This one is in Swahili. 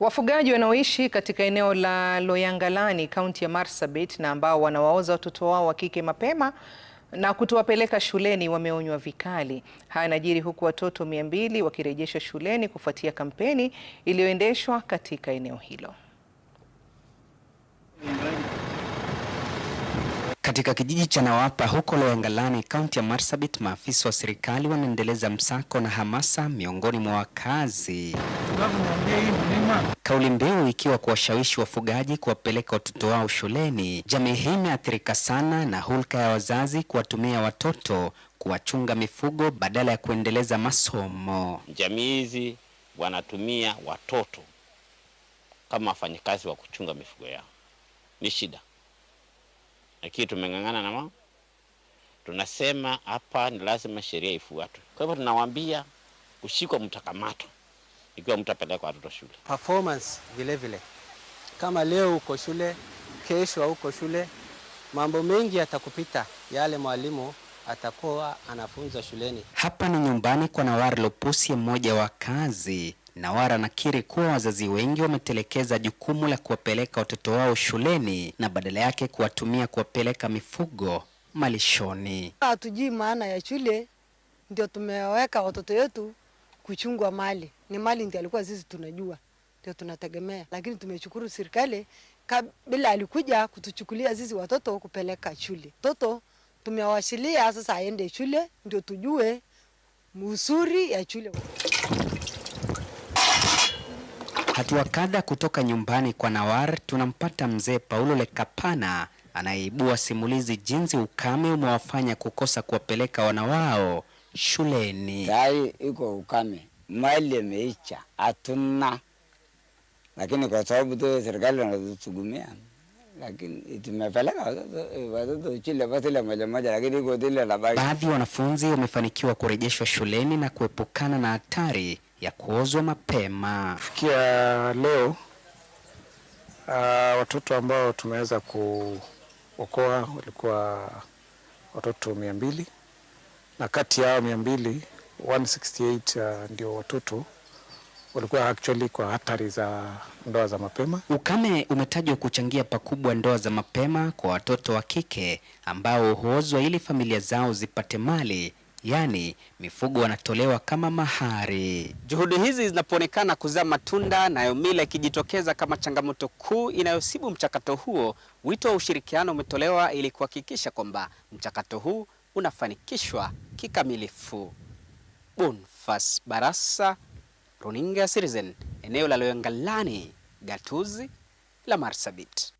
Wafugaji wanaoishi katika eneo la Loyangalani kaunti ya Marsabit na ambao wanawaoza watoto wao wa kike mapema na kutowapeleka shuleni wameonywa vikali. Haya yanajiri huku watoto 200 wakirejeshwa shuleni kufuatia kampeni iliyoendeshwa katika eneo hilo. Katika kijiji cha Nawapa huko Loyangalani, kaunti ya Marsabit, maafisa wa serikali wanaendeleza msako na hamasa miongoni mwa wakazi, kauli mbiu ikiwa kuwashawishi wafugaji kuwapeleka watoto wao shuleni. Jamii hii imeathirika sana na hulka ya wazazi kuwatumia watoto kuwachunga mifugo badala ya kuendeleza masomo. Jamii hizi wanatumia watoto kama wafanyakazi wa kuchunga mifugo yao, ni shida lakini tumeng'ang'ana na wao, tunasema hapa ni lazima sheria ifuatwe. Kwa hivyo tunawaambia kushikwa mtakamato ikiwa mtu apeleka watoto shule. Performance vile vile, kama leo uko shule, kesho hauko shule, mambo mengi yatakupita yale mwalimu atakuwa anafunza shuleni. Hapa ni nyumbani kwa nawar lopusi mmoja wa kazi Nawara anakiri kuwa wazazi wengi wametelekeza jukumu la kuwapeleka watoto wao shuleni na badala yake kuwatumia kuwapeleka mifugo malishoni. Hatujui maana ya shule, ndio tumeweka watoto wetu kuchungwa mali. Ni mali ndio alikuwa sisi tunajua, ndio tunategemea, lakini tumeshukuru serikali kabla alikuja kutuchukulia sisi watoto kupeleka shule. Toto tumewashilia sasa aende shule, ndio tujue uzuri ya shule. Hatua kadha kutoka nyumbani kwa Nawar, tunampata mzee Paulo Lekapana anayeibua simulizi jinsi ukame umewafanya kukosa kuwapeleka wana wao shuleni. Sai iko ukame, mali imeisha, hatuna lakini kwa sababu tu serikali wanatutugumia, lakini tumepeleka watoto chile basi ile moja moja, lakini iko ile la baadhi. Wanafunzi wamefanikiwa kurejeshwa shuleni na kuepukana na hatari ya kuozwa mapema. Kufikia leo uh, watoto ambao tumeweza kuokoa walikuwa watoto mia mbili na kati ya hao mia mbili 168 uh, ah, ndio watoto walikuwa actually kwa hatari za ndoa za mapema. Ukame umetajwa kuchangia pakubwa ndoa za mapema kwa watoto wa kike ambao huozwa ili familia zao zipate mali yaani mifugo wanatolewa kama mahari. Juhudi hizi zinapoonekana kuzaa matunda, nayo mila ikijitokeza kama changamoto kuu inayosibu mchakato huo, wito wa ushirikiano umetolewa ili kuhakikisha kwamba mchakato huu unafanikishwa kikamilifu. Bonfas Barasa, runinga Citizen, eneo la Loyangalani, gatuzi la Marsabit.